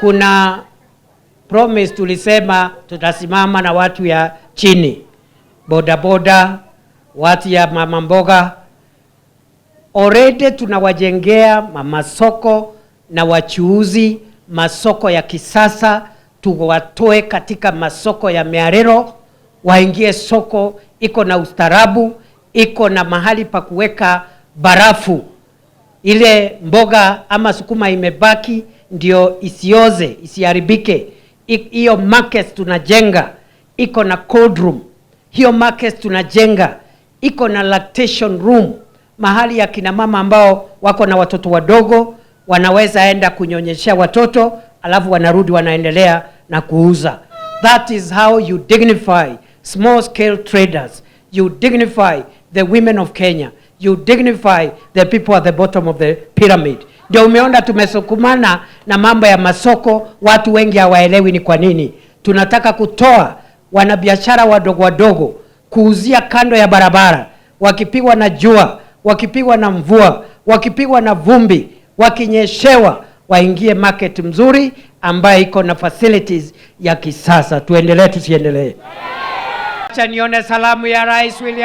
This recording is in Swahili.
kuna promise tulisema tutasimama na watu ya chini, bodaboda, watu ya mama mboga. orede tunawajengea mamasoko na wachuuzi masoko ya kisasa, tuwatoe katika masoko ya miarero, waingie soko iko na ustarabu, iko na mahali pa kuweka barafu, ile mboga ama sukuma imebaki ndio isioze isiharibike. Hiyo market tunajenga iko na cold room, hiyo market tunajenga iko na lactation room, mahali ya kina mama ambao wako na watoto wadogo wanaweza enda kunyonyeshea watoto, alafu wanarudi wanaendelea na kuuza. That is how you dignify small scale traders, you dignify the women of Kenya you dignify the people at the bottom of the pyramid. Ndio umeona tumesukumana na mambo ya masoko, watu wengi hawaelewi ni kwa nini tunataka kutoa wanabiashara wadogo wadogo kuuzia kando ya barabara, wakipigwa na jua, wakipigwa na mvua, wakipigwa na vumbi, wakinyeshewa, waingie market mzuri ambayo iko na facilities ya kisasa. Tuendelee tusiendelee? Acha nione salamu ya Rais William